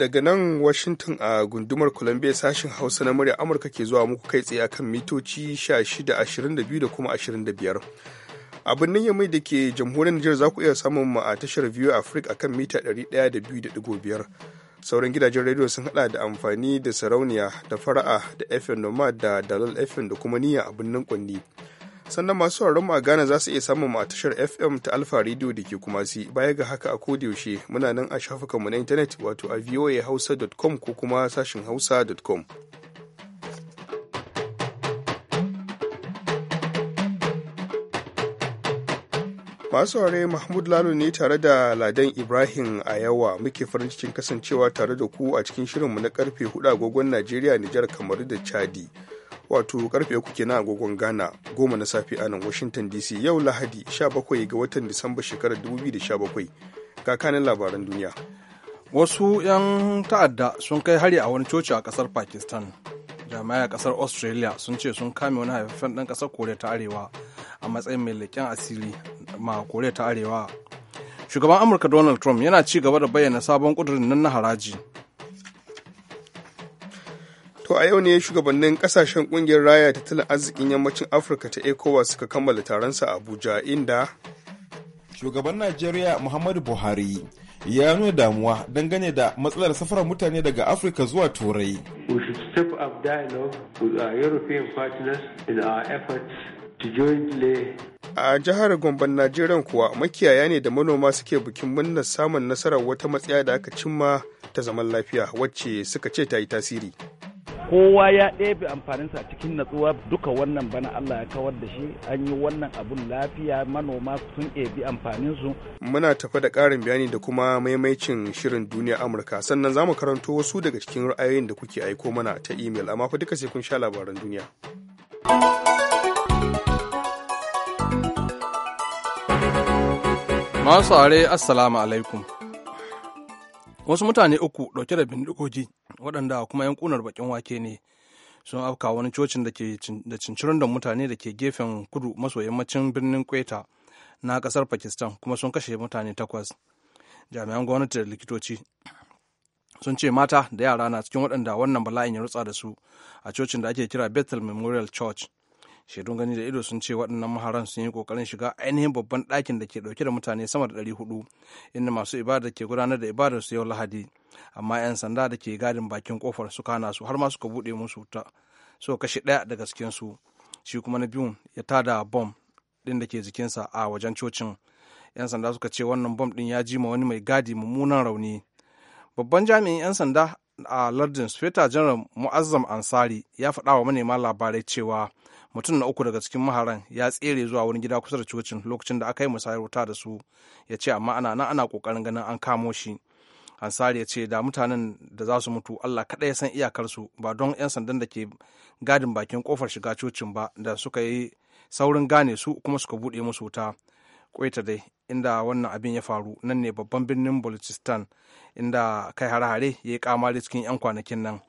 daga nan Washington a gundumar Columbia sashin Hausa na murya Amurka ke zuwa muku kai tsaye akan mitoci 1622 da kuma 25. a birnin yamai da ke jamhuriyar Nijar za ku iya samun mu a tashar View Africa akan mita 102.5 sauran gidajen rediyo sun hada da amfani da sarauniya da fara'a da FM Nomad da Dalal FM da kuma niyya a birnin Kwanni sannan masu sauraron a Ghana za su iya samun mu a tashar FM ta Alfa Radio da ke kuma si baya ga haka a yaushe muna nan a shafukanmu na intanet wato a voahausa.com ko kuma sashin hausa.com. masu ware mahmud lalo ne tare da ladan ibrahim a yawa muke farin cikin kasancewa tare da ku a cikin shirinmu na karfe 4 agogon najeriya nijar kamaru da chadi wato karfe uku kenan agogon ghana goma na safe a nan washington dc yau lahadi 17 ga watan disamba shekarar 2017 kakanin labaran duniya wasu 'yan ta'adda sun kai hari a wani coci a kasar pakistan jami'ai a kasar australia sun ce sun kame wani haifafen dan kasar koriya ta arewa a matsayin mai leƙen asiri ma koriya ta arewa shugaban amurka donald trump yana ci gaba da bayyana sabon ƙudurin nan na haraji To a yau ne shugabannin kasashen kungiyar raya tattalin arzikin yammacin Afirka ta ECOWAS suka kammala taron sa a Abuja inda shugaban Najeriya Muhammadu Buhari ya nuna damuwa dangane da matsalar safarar mutane daga Afirka zuwa Turai. We should step up dialogue with our European partners in our efforts to a jihar Gomban Najeriya kuwa makiyaya ne da manoma suke bikin murnar samun nasarar wata matsaya da aka cimma ta zaman lafiya wacce suka ce ta yi tasiri. kowa ya ɗebe amfaninsa a cikin natsuwa duka wannan bana Allah ya kawar da shi an yi wannan abun lafiya manoma sun ɗebi amfaninsu. Muna tafa da ƙarin bayani da kuma maimaicin shirin duniya Amurka sannan za mu karanto wasu daga cikin ra'ayoyin da kuke aiko mana ta imel amma fa duka sai kun sha labaran duniya. Masu are Assalamu alaikum. wasu mutane uku ɗauke da bindigogi waɗanda kuma yan kunar bakin wake ne sun afka wani cocin da ke da cincirin da mutane da ke gefen kudu maso yammacin birnin kweta na ƙasar pakistan kuma sun kashe mutane takwas jami'an gwamnati da likitoci sun ce mata da yara na cikin waɗanda wannan bala'in ya rutsa da su a cocin da ake kira bethel memorial church shaidun gani da ido sun ce waɗannan maharan sun yi kokarin shiga ainihin babban ɗakin da ke ɗauke da mutane sama da ɗari hudu inda masu ibada ke gudanar da ibadar su yau lahadi amma 'yan sanda da ke gadin bakin kofar su kana su har ma suka buɗe musu ta so kashe ɗaya daga cikin su shi kuma na biyun ya tada bom ɗin da ke jikinsa a wajen cocin 'yan sanda suka ce wannan bom ɗin ya ji ma wani mai gadi mummunan rauni babban jami'in 'yan sanda a lardin sufeta general mu'azzam ansari ya faɗa wa manema labarai cewa mutum na uku daga cikin maharan ya tsere zuwa wani gida kusa da cocin lokacin da aka yi musayar wuta da su ya ce amma ana nan ana kokarin ganin an kamo shi ansari ya ce da mutanen da za su mutu allah kaɗai ya san iyakarsu ba don 'yan sandan da ke gadin bakin kofar shiga cocin ba da suka yi saurin gane su kuma suka buɗe musu wuta kwaita dai inda wannan abin ya faru nan ne babban birnin balochistan inda kai hare-hare ya yi kamari cikin 'yan kwanakin nan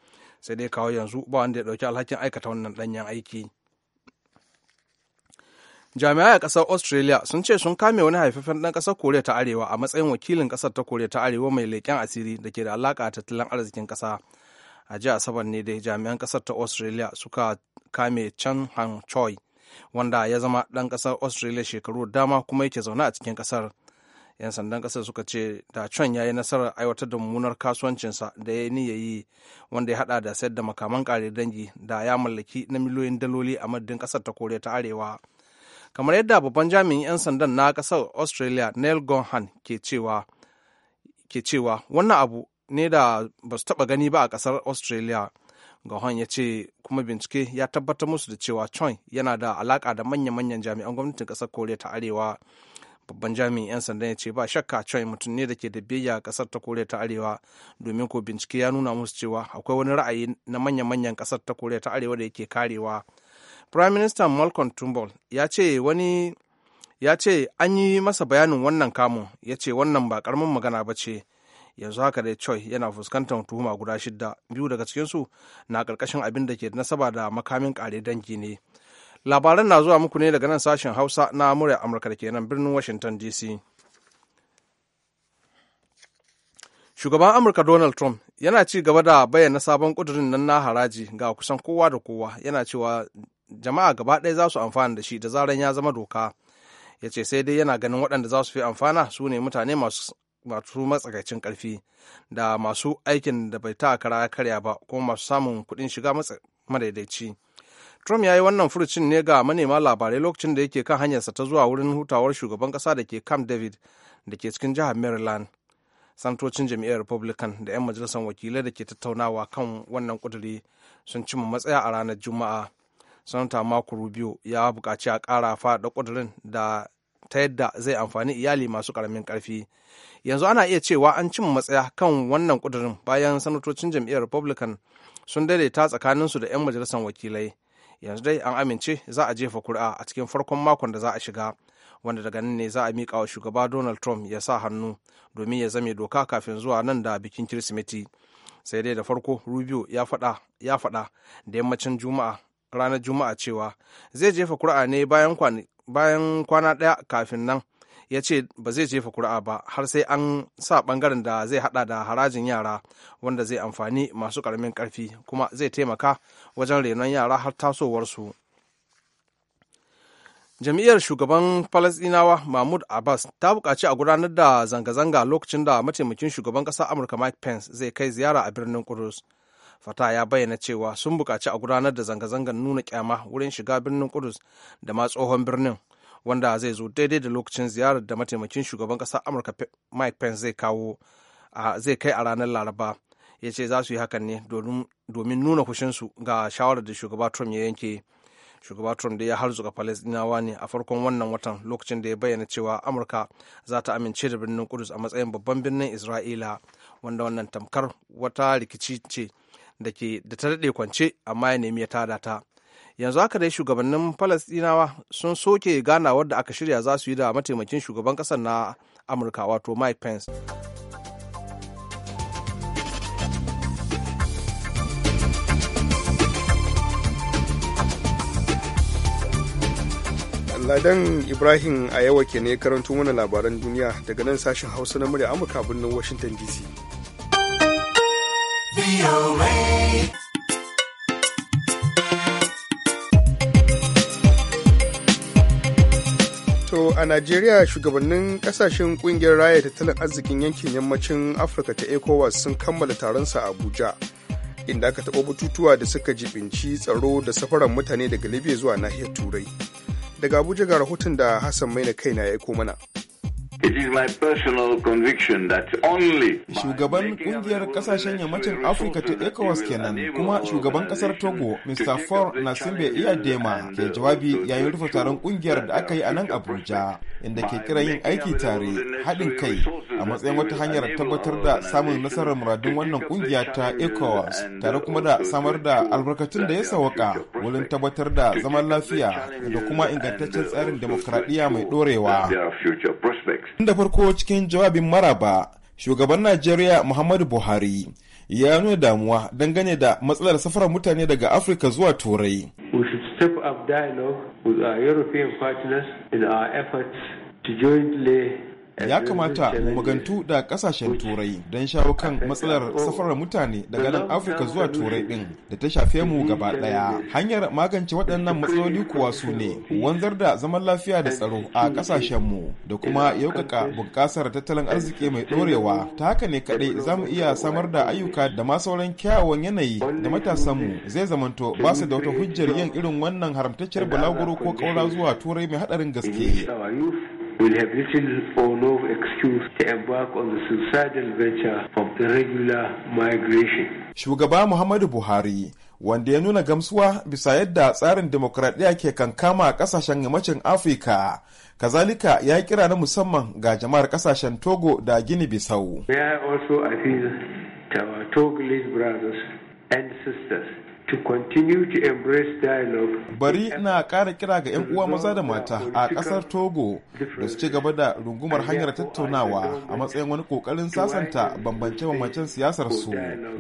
sai dai kawo yanzu ba wanda ya ɗauki alhakin aikata wannan ɗanyen aiki jami'a a ƙasar australia sun ce sun kame wani haifafen ɗan ƙasar koriya ta arewa a matsayin wakilin ƙasar ta koriya ta arewa mai leƙen asiri da ke da alaƙa tattalin arzikin ƙasa a jiya asabar ne dai jami'an ƙasar ta australia suka kame chan han choi wanda ya zama ɗan ƙasar australia shekaru dama kuma yake zaune a cikin ƙasar 'yan sandan ƙasar suka ce da chan ya yi nasarar aiwatar da mummunar kasuwancinsa da ya yi yi wanda ya haɗa da sayar da makaman kare dangi da ya mallaki na miliyoyin daloli a madadin ƙasar ta koriya ta arewa kamar yadda babban jami'in 'yan sandan na kasar australia neil gohan ke cewa wannan abu ne da ba su taɓa gani ba a kasar australia gohan ya ce kuma bincike ya tabbatar musu da cewa choi yana da alaka da manya-manyan jami'an gwamnatin kasar koriya ta arewa babban jami'in 'yan sandan ya ce ba shakka choi mutum ne da ke da biyayya a kasar ta koriya ta arewa domin ko bincike ya nuna musu cewa akwai wani ra'ayi na manya-manyan kasar ta koriya ta arewa da yake karewa Prime Minister Malcolm Turnbull ya ce wani ya ce an yi masa bayanin wannan kamun ya ce wannan ba karamin magana ba ce yanzu haka dai choi yana fuskantar tuhuma guda shida biyu daga cikinsu na karkashin abin da ke nasaba da makamin kare dangi ne labaran na zuwa muku ne daga nan sashen hausa na murya amurka da ke nan birnin washington dc shugaban amurka donald trump yana ci gaba da bayyana sabon kudurin nan na haraji ga kusan kowa da kowa yana cewa jama'a gaba ɗaya za su amfana da shi da zaran ya zama doka ya ce sai dai yana ganin waɗanda za su fi amfana su ne mutane masu matsakaicin ƙarfi da masu aikin da bai ta kara karya ba kuma masu samun kuɗin shiga madaidaici trump ya yi wannan furucin ne ga manema labarai lokacin da yake kan hanyarsa ta zuwa wurin hutawar shugaban ƙasa da ke camp david da ke cikin jihar maryland santocin jam'iyyar republican da 'yan majalisar wakilai da ke tattaunawa kan wannan kuduri sun cimma matsaya a ranar juma'a sanata mako rubio ya buƙaci a ƙara faɗa ƙudurin da ta yadda zai amfani iyali masu ƙaramin ƙarfi yanzu ana iya cewa an cin matsaya kan wannan ƙudurin bayan sanatocin jam'iyyar republican sun daidaita tsakaninsu da 'yan majalisar wakilai yanzu dai an amince za a jefa kuri'a a cikin farkon makon da za a shiga wanda daga nan ne za a miƙa wa shugaba donald trump ya sa hannu domin ya zame doka kafin zuwa nan da bikin kirsimeti sai dai da farko rubio ya faɗa da yammacin juma'a ranar juma'a cewa zai jefa kura'a ne bayan kwana ɗaya kafin nan ya ce ba zai jefa kura'a ba har sai an sa bangaren da zai hada da harajin yara wanda zai amfani masu karamin karfi kuma zai taimaka wajen renon yara har tasowarsu jam'iyyar shugaban falasdinawa mahmud abbas ta buƙaci a gudanar da zanga-zanga lokacin da mataimakin shugaban ƙasar amurka mike pence zai kai ziyara a birnin kudus fata ya bayyana cewa sun buƙaci a gudanar da zanga-zangar nuna kyama wurin shiga birnin kudus da ma tsohon birnin wanda zai zo daidai da lokacin ziyarar da mataimakin shugaban ƙasar amurka mike pence zai kawo zai kai a ranar laraba ya ce za su yi hakan ne domin nuna kushinsu ga shawarar da shugaba trump ya yanke shugaba trump da ya harzuka palestinawa ne a farkon wannan watan lokacin da ya bayyana cewa amurka za ta amince da birnin kudus a matsayin babban birnin isra'ila wanda wannan tamkar wata rikici ce da ke da ta daɗe kwance amma ya nemi ya tada ta yanzu haka dai shugabannin falastinawa sun soke ganawar da aka shirya za su yi da mataimakin shugaban ƙasar na amurka wato mike pence Ladan Ibrahim a yawa ke ne karanto mana labaran duniya daga nan sashen Hausa na murya Amurka birnin Washington DC. To a Najeriya shugabannin kasashen kungiyar raya tattalin arzikin yankin yammacin Afirka ta ECOWAS sun kammala taronsa a Abuja, inda aka taɓa batutuwa da suka jibinci tsaro da safaran mutane daga Libya zuwa nahiyar Turai. Daga Abuja ga rahoton da Hassan mai na kaina ya aiko mana. Shugaban kungiyar kasashen yammacin Afirka ta ECOWAS kenan kuma shugaban kasar Togo Mr. For Nasimbe Iyadema ke uh, jawabi yayin rufe taron kungiyar da aka yi a uh, nan Abuja inda ke kira yin aiki tare haɗin kai a matsayin wata hanyar tabbatar da samun nasarar muradun wannan kungiya ta ECOWAS tare kuma uh, da samar da albarkatun da ya sawaka wurin tabbatar da zaman lafiya da kuma ingantaccen tsarin demokradiyya mai ɗorewa. da farko cikin jawabin maraba shugaban najeriya muhammadu buhari ya nuna damuwa dangane da matsalar safarar mutane daga afirka zuwa turai step up dialogue with our european partners in our efforts to jointly ya kamata mu magantu da kasashen turai don shawo kan matsalar safarar mutane daga nan afirka zuwa turai din da ta shafe mu gaba daya hanyar magance waɗannan matsaloli kuwa su ne wanzar da zaman lafiya da tsaro a kasashen mu da kuma yaukaka bunƙasar tattalin arziki mai ɗorewa ta haka ne kaɗai za mu iya samar da ayyuka da ma sauran kyawawan yanayi da matasanmu zai zamanto ba su da wata hujjar yin irin wannan haramtacciyar balaguro ko ƙaura zuwa turai mai haɗarin gaske will have little or no excuse to embark on the suicidal venture of the regular migration. Shugaba Muhammadu Buhari wanda ya nuna gamsuwa bisa yadda tsarin demokradiyya ke kankama a kasashen yammacin afirka kazalika ya kira na musamman ga jama'ar ƙasashen togo da gini bisau. also appeal to our togolese brothers and sisters Bari na ƙara kira ga 'yan uwa maza da mata a ƙasar Togo da su ci gaba da rungumar hanyar tattaunawa a matsayin wani ƙoƙarin sasanta bambance-bambancen siyasar su.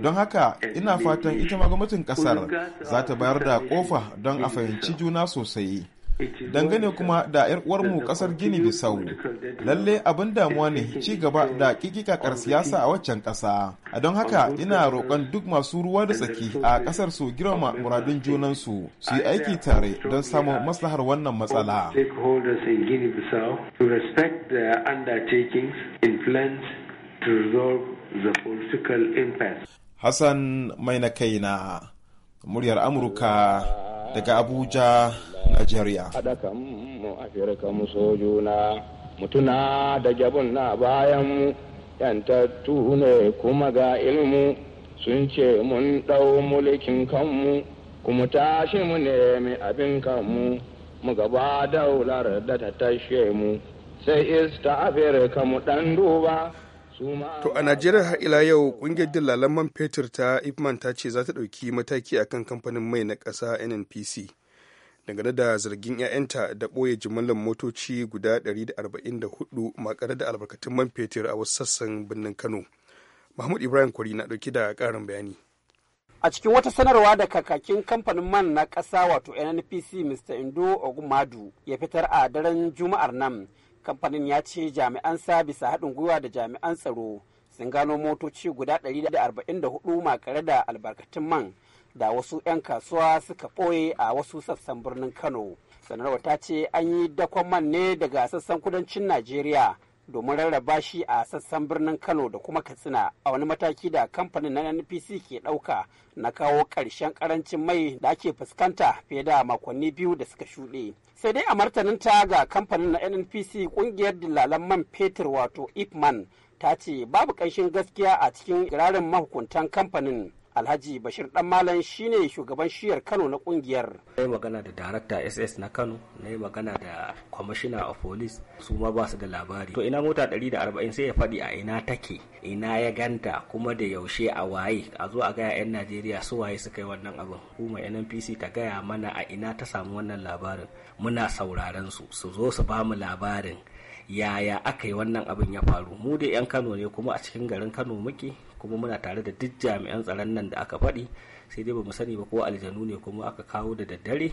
Don haka ina fatan ita ma gwamnatin ƙasar za ta bayar da ƙofa don a fahimci juna sosai. dangane kuma da 'yar uwarmu kasar gini bisau lalle abin damuwa ne ci gaba da kikikakar siyasa a waccan ƙasa, a don haka ina roƙon duk masu ruwa da tsaki a ƙasar su girma muradun junansu su yi aiki tare don samun maslahar wannan matsala Hassan mai na kaina muryar Amurka daga Abuja Najeriya. Haɗa kan mu Afirka mu so juna, mutuna da jabun na bayan mu, ‘yantattu ne kuma ga ilmu, sun ce mun ɗau mulkin kanmu, kuma tashi mu nemi abin kanmu, mu gaba daular da ta tashe mu, sai ista Afirka mu ɗan duba. To a Najeriya har ila yau kungiyar dillalan man fetur ta Ipman ta ce za ta ɗauki mataki akan kamfanin mai na ƙasa NNPC. dangane da zargin 'ya'yanta da ɓoye jimillar motoci guda 144 makare da albarkatun man fetur a wasu sassan birnin kano mahmud ibrahim kwari na ɗauki da ƙarin bayani a cikin wata sanarwa da kakakin kamfanin man na ƙasa wato nnpc mr indo ogumadu ya fitar a daren juma'ar nan kamfanin ya ce jami'an sa bisa haɗin gwiwa da jami'an tsaro sun gano motoci guda 144 makare da albarkatun man da wasu 'yan kasuwa suka ɓoye a wasu sassan birnin Kano. Sanarwa ta ce an yi dakon man ne daga sassan kudancin Najeriya domin rarraba shi a sassan birnin Kano da kuma Katsina a wani mataki da kamfanin na NPC ke ɗauka na kawo ƙarshen ƙarancin mai da ake fuskanta fiye da makonni biyu da suka shuɗe. Sai dai a martaninta ga kamfanin na NPC ƙungiyar dillalan man fetur wato Ipman ta ce babu ƙanshin gaskiya a cikin irarin mahukuntan kamfanin Alhaji Bashir Dan Malam shine shugaban shiyar Kano na kungiyar. Na yi magana da darakta SS na Kano, na yi magana da kwamishina of police su ma ba su da labari. To ina mota 140 sai ya faɗi a ina take, ina ya ganta kuma da yaushe a waye, a zo a gaya 'yan Najeriya su waye suka yi wannan abin. Kuma NNPC ta gaya mana a ina ta samu wannan labarin. Muna sauraron su, su zo su ba mu labarin. yaya aka yi wannan abin ya faru mu da 'yan kano ne kuma a cikin garin kano muke kuma muna tare da duk jami'an tsaron nan da aka faɗi sai dai ba mu sani ba ko aljanu ne kuma aka kawo da daddare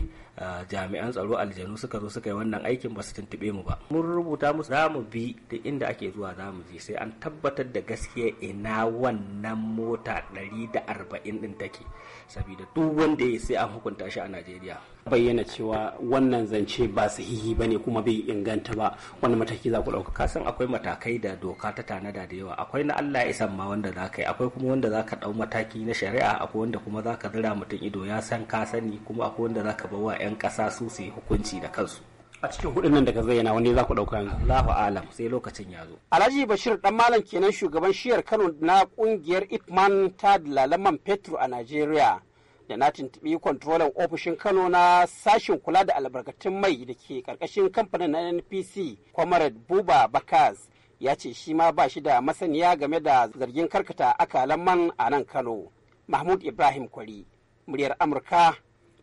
jami'an tsaro aljanu suka zo suka yi wannan aikin ba su tuntube mu ba mun rubuta musu za mu bi da inda ake zuwa za mu je sai an tabbatar da gaskiya ina wannan mota 140 din take saboda duk wanda ya sai an hukunta shi a Najeriya bayyana cewa wannan zance ba sahihi ne kuma bai inganta ba wani mataki za ku ɗauka kasan akwai matakai da doka ta tanada da yawa akwai na Allah ya isan ma wanda za ka yi akwai kuma wanda za ka ɗau mataki na shari'a akwai wanda kuma za ka zira mutum ido ya san ka sani kuma akwai wanda za ka bawa 'yan ƙasa su su hukunci da kansu a cikin hudun nan da ka zayyana wani za ku dauka yanzu Allahu alam sai lokacin ya zo Alhaji Bashir dan malam kenan shugaban shiyar Kano na kungiyar Ipman ta lalaman petro a nigeria. da na tuntuɓi kwantrolan ofishin kano na sashin kula da albarkatun mai da ke ƙarƙashin kamfanin na npc comrade buba bakas ya ce shi ma ba shi da masaniya game da zargin karkata akalan man a nan kano mahmud ibrahim kwari muryar amurka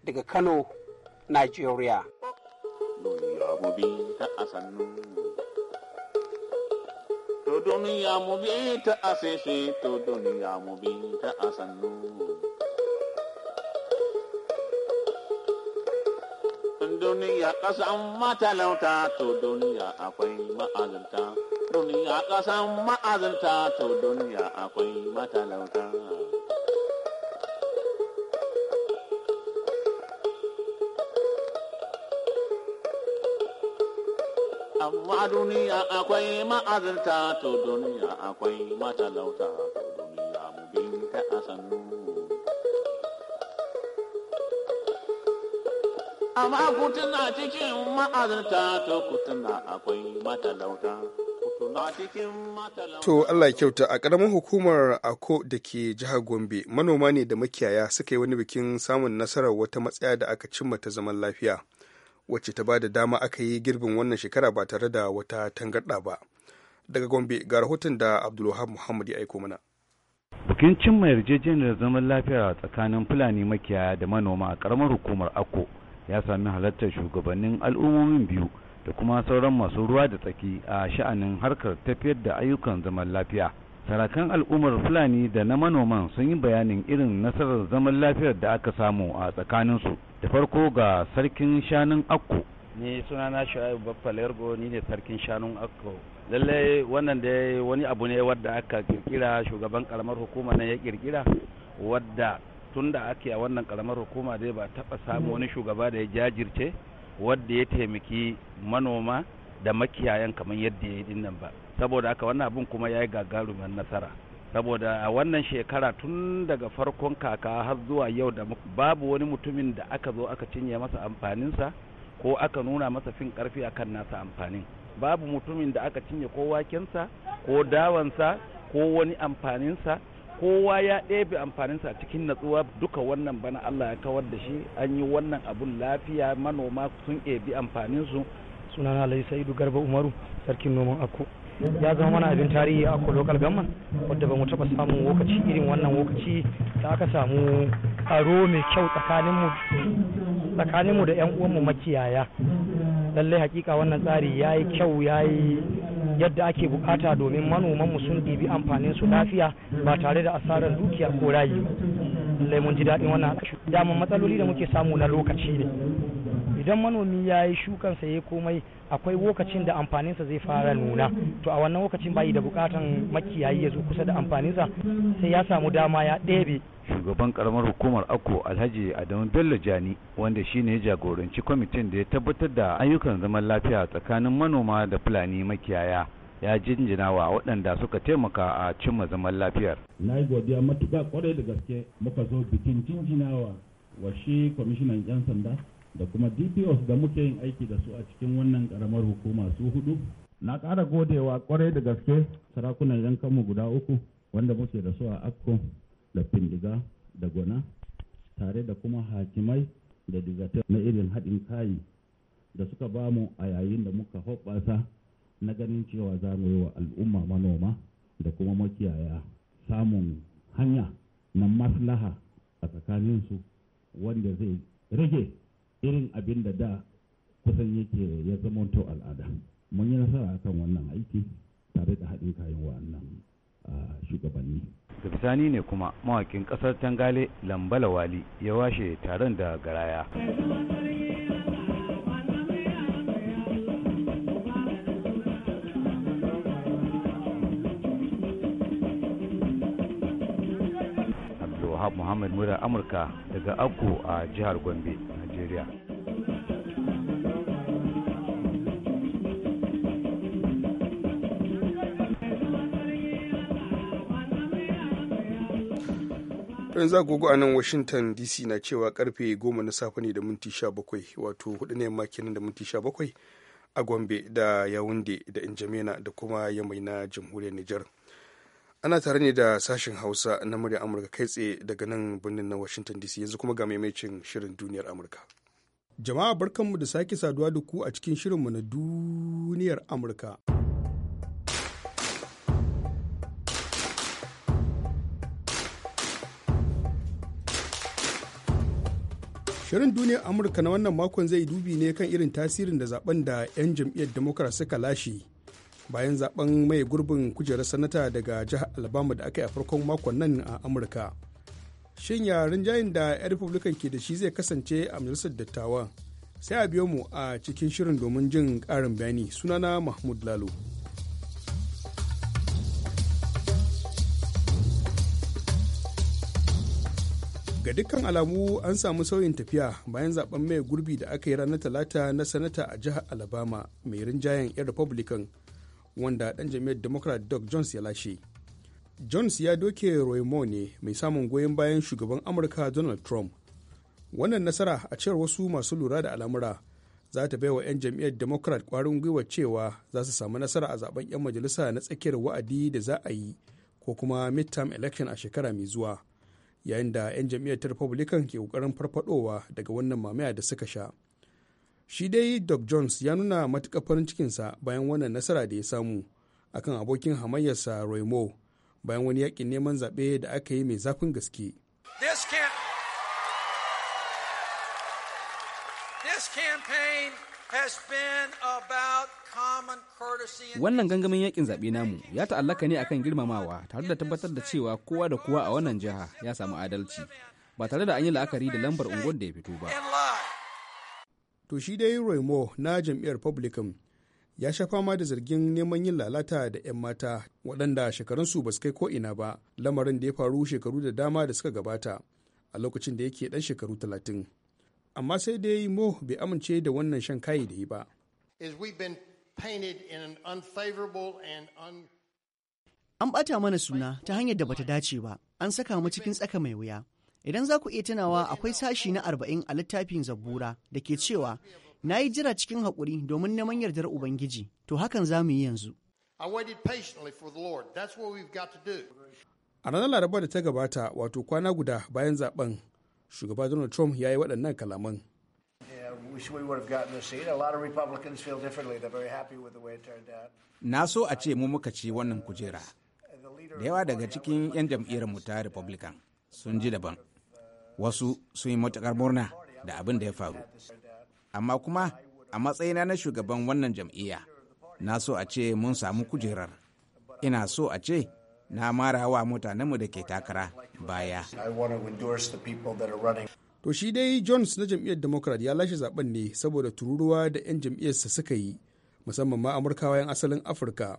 daga kano nigeria to duniya mu bi ta asese to duniya mu bi ta asannu duniya ƙasan matalauta to duniya akwai ma'azinta duniya ƙasan ma'azinta to duniya akwai matalauta amma duniya akwai ma'azinta to duniya akwai matalauta to duniya mu binta a sannu amma na cikin ma'azarta ta ku na akwai matalauta. To Allah kyauta a ƙaramin hukumar Ako da ke jihar Gombe manoma ne da makiyaya suka yi wani bikin samun nasarar wata matsaya da aka cimma ta zaman lafiya wacce ta ba da dama aka yi girbin wannan shekara ba tare da wata tangarɗa ba. Daga Gombe ga rahoton da Abdulwahab Muhammad ya aiko mana. Bikin cimma yarjejeniyar zaman lafiya tsakanin Fulani makiyaya da manoma a ƙaramin hukumar Ako ya sami halartar shugabannin al'ummomin biyu da kuma sauran masu ruwa da tsaki a sha'anin harkar tafiyar da ayyukan zaman lafiya sarakan al'ummar fulani da na manoman sun yi bayanin irin nasarar zaman lafiyar da aka samu a tsakaninsu da farko ga sarkin shanun akko ni sunana shu'aibu baffa lergo ni ne sarkin shanun akko lallai wannan da wani abu ne wadda aka kirkira shugaban karamar hukuma na ya kirkira wadda tun da ake a wannan karamar hukuma dai ba taɓa samu wani shugaba da ya jajirce wadda ya taimaki manoma da makiyayan kamar yadda ya yi dinnan ba saboda haka wannan abin kuma ya yi gagarumin nasara saboda a wannan shekara tun daga farkon kaka har zuwa yau da babu wani mutumin da aka zo aka cinye masa amfaninsa ko aka nuna masa fin karfi akan nasa amfanin babu mutumin da aka cinye ko wakensa ko dawansa ko wani amfaninsa kowa ya ɗebe amfaninsa cikin natsuwa duka wannan bana Allah ya kawar da shi an yi wannan abun lafiya manoma sun ɗebi amfaninsu sunana Alhaji Sa'idu Garba Umaru sarkin noman Akko ya zama mana abin tarihi a Akko local government wanda bamu taɓa samun lokaci irin wannan lokaci da aka samu aro mai kyau tsakaninmu tsakaninmu da yan uwanmu makiyaya lallai hakika wannan tsari yayi kyau yayi yadda ake bukata domin manoman mu sun ɗibi amfanin su lafiya ba tare da asarar dukiya ko rayu lallai mun ji daɗin wannan daman matsaloli da muke samu na lokaci ne idan manomi ya yi shukansa ya komai akwai lokacin da amfaninsa zai fara nuna to a wannan lokacin bayi da bukatan makiyayi ya zo kusa da amfaninsa sai ya samu dama ya ɗebe shugaban karamar hukumar ako alhaji adamu bello jani wanda shine ya jagoranci kwamitin da ya tabbatar da ayyukan zaman lafiya tsakanin manoma da fulani makiyaya ya jinjina wa waɗanda suka taimaka a cimma zaman lafiyar na yi godiya matuƙa kwarai da gaske muka zo bikin jinjinawa wa shi kwamishinan 'yan sanda da kuma dpos da muke yin aiki da su a cikin wannan karamar hukuma su hudu na ƙara godewa kwarai da gaske sarakunan yankanmu guda uku wanda muke da su a akko da findiga da gona tare da kuma hakimai da digatai na irin haɗin kayi da suka bamu a yayin da muka hoɓasa na ganin cewa za mu yi wa al'umma manoma da kuma makiyaya samun hanya na maslaha a tsakaninsu wanda zai rage irin abin da da kusan yake ya zama zamanto al'ada mun yi nasara kan wannan aiki tare da haɗin kayan wa'annan shugabanni Tafsani bisani ne kuma mawakin ƙasar tangale lambala wali ya washe taron da garaya muhammad mura amurka daga akko a jihar gombe nigeria yanzu agogo a nan washington dc na cewa karfe 10 na safe ne da minti 17 wato 4 na yamma kenan da minti 17 a gombe da yawunde da injamena da kuma yamai na jamhuriyar nijar ana tare ne da sashen hausa na murya amurka kai tsaye daga nan birnin na washington dc yanzu kuma ga maimacin shirin duniyar amurka jama'a barkanmu da sake saduwa da ku a cikin shirinmu na duniyar amurka Shirin duniyar Amurka na wannan makon zai dubi ne kan irin tasirin da zaben da 'yan jam'iyyar Democrat suka lashe bayan zaben mai gurbin kujerar sanata daga jihar alabama da aka yi a farkon makon nan a amurka shin yaren jayin da 'yan republican ke da shi zai kasance a majalisar dattawa sai a biyo mu a cikin shirin domin jin ƙarin bayani sunana mahmud lalo ga dukkan alamu an samu sauyin tafiya bayan zaben mai gurbi da aka yi ranar talata na sanata a jihar alabama mai rinjayen 'yan republican wanda ɗan jam'iyyar democrat doug jones ya lashe jones ya doke roy moore ne mai samun goyon bayan shugaban amurka donald trump wannan nasara a cewar wasu masu lura da al'amura za ta wa 'yan jam'iyyar democrat kwarin gwiwa cewa za su samu nasara a zaben 'yan majalisa na tsakiyar wa'adi da za a yi ko kuma midterm election a shekara mai zuwa yayin da 'yan jam'iyyar republican ke kokarin farfadowa daga wannan mamaya da suka sha shi dai doc jones ya nuna matuƙar farin cikinsa bayan wannan nasara da ya samu akan abokin hamayyarsa roy moore bayan wani yakin neman zaɓe da aka yi mai zafin gaske Wannan gangamin yakin zaɓe namu ya ta'allaka ne akan girmamawa tare da tabbatar da cewa kowa da kowa a wannan jiha ya samu adalci ba tare da an yi la'akari da lambar unguwar da ya fito ba. to shi dai roy moore na jam'iyyar republican ya sha fama da zargin neman yin lalata da 'yan mata waɗanda shekarunsu ba su kai ko'ina ba lamarin da ya faru shekaru da dama da suka gabata a lokacin da yake ɗan shekaru talatin amma sai dai mo bai amince da wannan shan kayi da yi ba an ɓata mana suna ta hanyar da bata dace ba an saka mu cikin tsaka mai wuya Idan za ku iya tunawa akwai sashi na arba'in a littafin Zabura da ke cewa, Na yi jira cikin haƙuri domin neman yardar Ubangiji, to hakan za mu yi yanzu. A ranar Laraba da ta gabata, wato kwana guda bayan zaben, shugaba Donald Trump ya yi waɗannan kalaman. Na so a ce mu muka ci wannan kujera. Da yawa daga cikin 'yan jam'iyyar mu ta Republican sun ji daban. wasu sun yi matuƙar murna da abin da ya faru amma kuma a matsayina na shugaban wannan jam'iyya na so a ce mun samu kujerar ina so a ce na mara wa mutanenmu da ke takara baya to shi dai jones na jam'iyyar democrat ya lashe zaben ne saboda tururuwa da 'yan jam'iyyarsa suka yi musamman ma amurkawa 'yan asalin afirka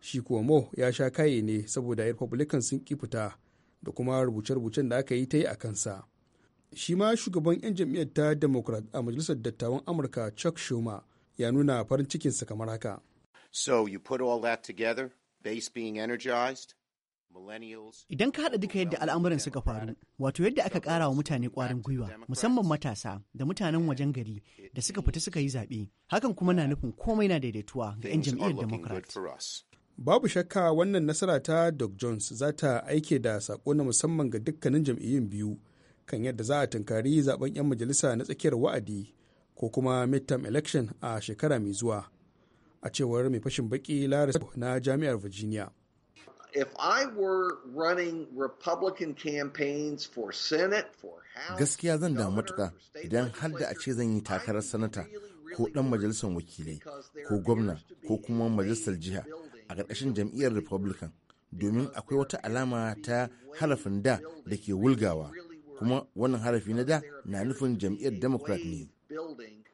shi kuwa mo ya sha kaye ne saboda republican sun ki fita da kuma rubuce-rubucen da aka yi ta yi a kansa shi ma shugaban 'yan jam'iyyar ta democrat a majalisar dattawan amurka chuck schumer ya nuna farin cikinsa kamar haka so you put all that together base being energized Idan ka haɗa duka yadda al'amuran suka faru, wato yadda aka ƙara wa mutane ƙwarin gwiwa, musamman matasa da mutanen wajen gari da suka fita suka yi zaɓe, hakan kuma na nufin komai na daidaituwa ga 'yan jam'iyyar Democrat. Babu shakka wannan nasara ta Doc Jones za ta aike da saƙo na musamman ga dukkanin jam'iyyun biyu kan yadda za a tunkari zaben 'yan majalisa na tsakiyar wa'adi ko kuma midterm election a shekara mai zuwa a cewar mai fashin baki laris na jami'ar virginia if I were running Republican campaigns for Senate, for House, gaskiya zan damu matuka idan har da a ce zan yi takarar sanata ko dan majalisar wakilai ko gwamna ko kuma majalisar jiha a ƙarƙashin jam'iyyar Republican domin akwai wata alama ta harafin da da ke wulgawa kuma wannan harafi na da na nufin jam'iyyar democrat ne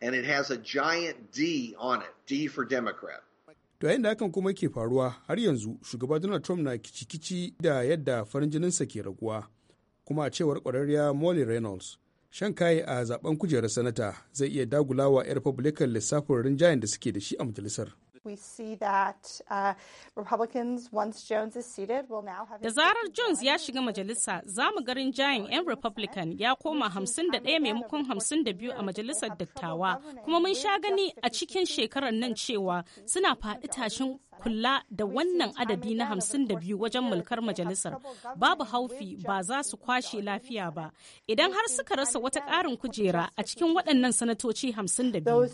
and it has a giant D on it, D for Democrat. To yayin da hakan kuma ke faruwa har yanzu shugaba Donald Trump na kici da yadda farin jininsa ke raguwa. Kuma a cewar kwararriya Molly Reynolds, shan kaye a zaben kujerar sanata zai iya dagulawa 'yan Republican lissafin rinjayen da suke da shi a majalisar. Da zarar Jones ya shiga majalisa, za mu garin jayin 'yan Republican ya koma 51 maimakon 52 a majalisar dattawa, kuma mun sha gani a cikin shekarar nan cewa suna faɗi tashin kula da wannan adadi na hamsin da biyu wajen mulkar majalisar babu haufi ba za su kwashe lafiya ba idan har suka rasa wata ƙarin kujera a cikin waɗannan sanatoci hamsin da biyu.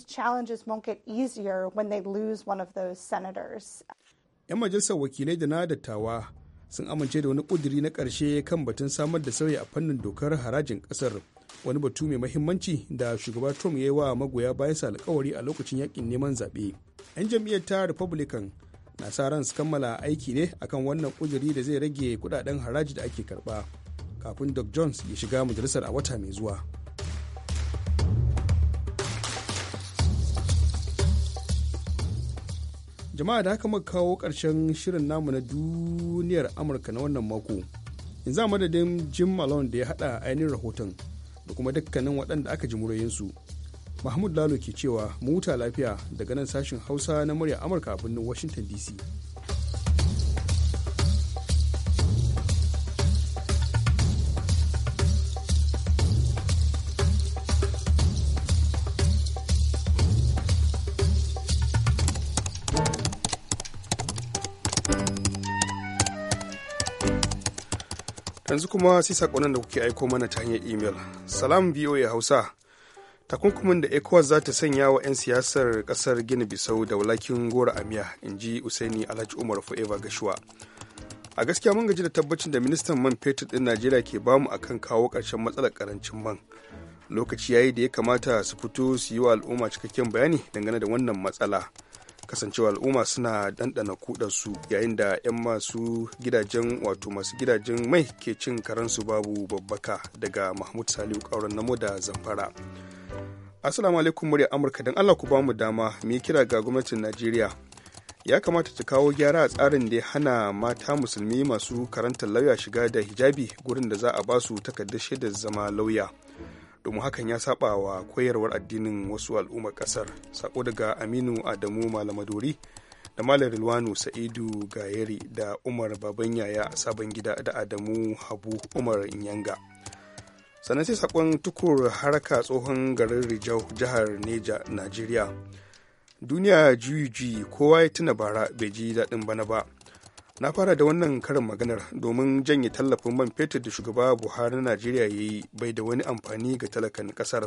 'Yan majalisar wakilai da na dattawa sun amince da wani ƙuduri na ƙarshe kan batun samar da sauya a fannin dokar harajin ƙasar wani batu mai mahimmanci da shugaba trump ya yi wa magoya bayansa alkawari a lokacin yakin neman zaɓe 'yan jam'iyyar ta republican na sa su kammala aiki ne akan wannan kujeri da zai rage kudaden haraji da ake karba kafin doc jones ya shiga majalisar a wata mai zuwa jama'a da haka muka kawo ƙarshen shirin namu na duniyar amurka na wannan mako yanzu a madadin jim malone da ya hada ainihin rahoton da kuma dukkanin waɗanda aka ji murayinsu mahmud lalo ke cewa muta lafiya daga nan sashin hausa na murya amurka a birnin washington dc yanzu kuma sai sakonan da kuke aiko mana ta hanyar imel salam voa hausa takunkumin da ecowas za ta sanya wa 'yan siyasar kasar gini bisau da walakin gora amiya in ji usaini alhaji umar forever gashuwa a gaskiya mun gaji da tabbacin da ministan man fetur din najeriya ke bamu akan kawo ƙarshen matsalar karancin man lokaci yayi da ya kamata su fito su yi wa al'umma cikakken bayani dangane da wannan matsala kasancewa al'umma suna ɗanɗana kudansu yayin da 'yan masu gidajen wato masu gidajen mai ke cin karansu babu babbaka daga mahmud saliu kauran namo da zamfara Assalamu alaikum murya Amurka don Allah ku bamu dama mu yi kira ga gwamnatin Najeriya. Ya kamata ta kawo gyara a tsarin da ya hana mata musulmi masu karantar lauya shiga da hijabi gurin da za a basu takardar shaidar zama lauya. Domin hakan ya saba wa koyarwar addinin wasu al'ummar kasar. Sako daga Aminu Adamu Malamadori da Malam Rilwanu Sa'idu Gayeri da Umar Babanyaya Sabon Gida da Adamu Habu Umar Nyanga. sannan sai sakon tukur haraka tsohon garin rijau jihar neja najeriya duniya juyi kowa ya tuna bara bai ji daɗin bana ba na fara da wannan karin maganar domin janye tallafin man fetur da shugaba buhari na najeriya ya yi bai da wani amfani ga talakan ƙasar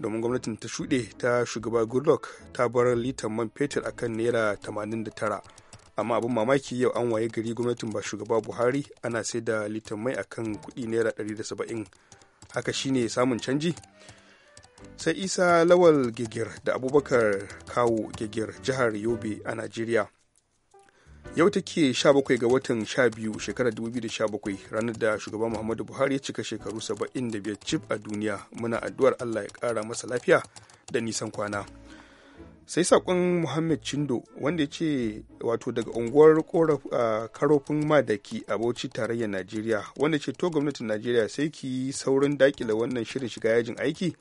domin gwamnatin ta shuɗe ta shugaba goodluck ta bar litan man fetur a kan naira 89 amma abin mamaki yau an waye gari gwamnatin ba shugaba buhari ana sai da litan mai akan kuɗi naira 170 haka shine samun canji sai isa lawal gigir da abubakar kawo gigir jihar yobe a najeriya yau take 17 ga watan 12 shekarar 2017 ranar da shugaban muhammadu buhari ya cika shekaru 75 a duniya muna addu'ar allah ya kara masa lafiya da nisan kwana sai saƙon muhammad cindo wanda ya ce wato daga unguwar karofin madaki a bauchi tarayyar najeriya wanda ce to gwamnatin najeriya sai ki saurin dakila wannan shirin shiga yajin aiki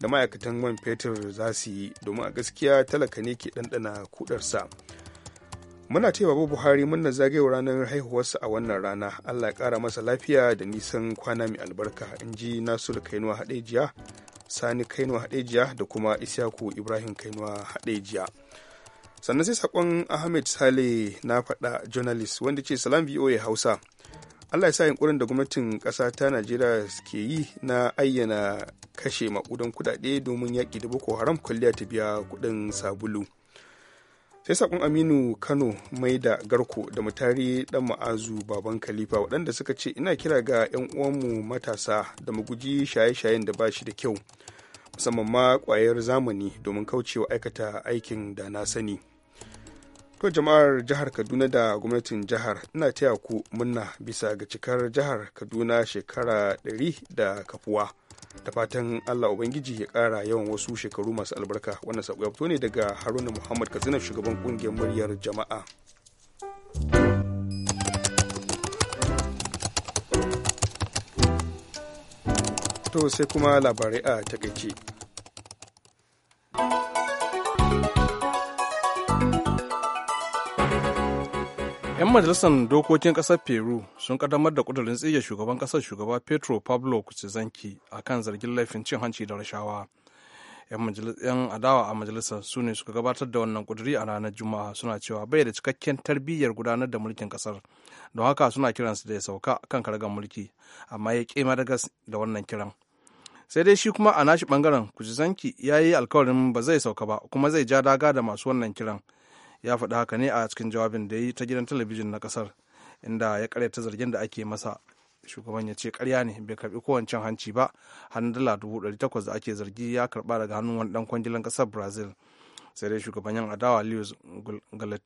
da ma'aikatan man fetur za su yi domin a gaskiya talaka ne ke ɗanɗana kudarsa muna ce babu buhari muna zagayewa ranar haihuwarsa a wannan rana allah ya kara masa lafiya da nisan kwana mai albarka in ji nasiru kainuwa jiya. sani kainuwa haɗejiya da kuma isyaku ibrahim kainuwa haɗejiya sannan sai sakon ahmed sale na faɗa journalist wanda ce salam voa hausa allah ya sa yunkurin da gwamnatin ƙasa ta najeriya ke yi na ayyana kashe makudan kudade domin yaƙi da boko haram kwalliya ta biya kuɗin sabulu sai sakon aminu kano mai da garko da mutari dan ma'azu baban khalifa waɗanda suka ce ina kira ga 'yan uwanmu matasa da maguji guji shaye-shayen da ba shi da kyau musamman ma kwayar zamani domin kaucewa aikata aikin da na sani to jama'ar jihar kaduna da gwamnatin jihar ina taya ku munna bisa ga cikar jihar kaduna shekara 100 da kafuwa da fatan allah ubangiji ya ƙara yawan wasu shekaru masu albarka wannan saƙo ya fito ne daga haruna muhammad katsina shugaban ƙungiyar muryar jama'a to sai kuma labarai a takaice 'Yan majalisar dokokin kasar Peru sun kaddamar da kudurin tsige shugaban kasar shugaba Petro Pablo Kuczynski a kan zargin laifin cin hanci da rashawa. 'Yan adawa a majalisar su ne suka gabatar da wannan kuduri a ranar Juma'a suna cewa bai da cikakken tarbiyyar gudanar da mulkin kasar Don haka suna kiransu da ya sauka kan kargar mulki, amma ya ƙi Madagas da wannan kiran. sai dai shi kuma a nashi bangaren kujizanki ya yi alkawarin ba zai sauka ba kuma zai ja daga da masu wannan kiran ya faɗi haka ne a cikin jawabin da ya yi ta gidan talabijin na ƙasar inda ya karyata zargin da ake masa shugaban ya ce karya ne bai karbi kowancen hanci ba hannun dala dubu ɗari takwas da ake zargi ya karba daga hannun wani dan kwangilan ƙasar brazil sai dai shugaban yan adawa lewis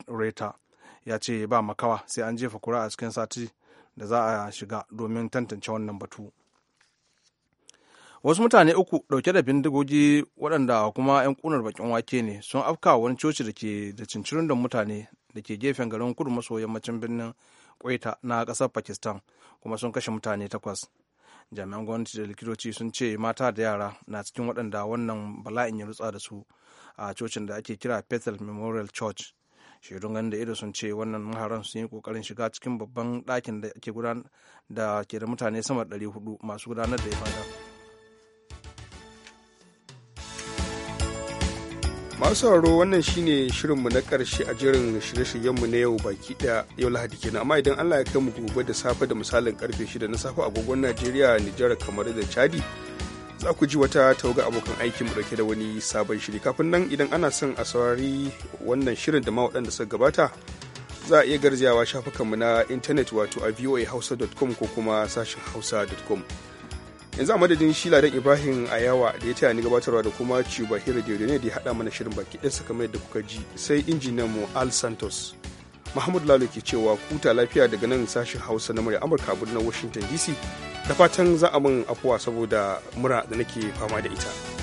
galareta ya ce ba makawa sai an jefa kura a cikin sati da za a shiga domin tantance wannan batu wasu mutane uku dauke da bindigogi waɗanda kuma 'yan kunar bakin wake ne sun afka wani coci da ke da cincirin da mutane da ke gefen garin kudu maso yammacin birnin kwaita na kasar pakistan kuma sun kashe mutane takwas jami'an gwamnati da likitoci sun ce mata da yara na cikin waɗanda wannan bala'in ya rutsa da su a cocin da ake kira petal Memorial Church. Shaidun ganin da ido sun ce wannan maharan sun yi kokarin shiga cikin babban ɗakin da ke da mutane sama 400 masu gudanar da ibada. masu sauraro wannan shine shirin shirinmu na karshe a jirin shirye-shiryenmu na yau baki ɗaya yau lahadi kenan amma idan allah ya kai mu gobe da safe da misalin karfe shida na safe agogon najeriya nijar kamar da chadi za ku ji wata tawaga abokan aikin mu dauke da wani sabon shiri kafin nan idan ana son a saurari wannan shirin da ma waɗanda suka gabata za a iya garzayawa shafukanmu na intanet wato a voahausa.com ko kuma sashin hausa.com yanzu a madadin shila ladan ibrahim ayawa da ya taya ni gabatarwa da kuma cuba hira ne da ya haɗa mana shirin baki ɗin sa kamar yadda kuka ji sai injiniyan mu al santos mahmud lalo ke cewa kuta lafiya daga nan sashen hausa na murya amurka a birnin washington dc da fatan za a min afuwa saboda mura da nake fama da ita.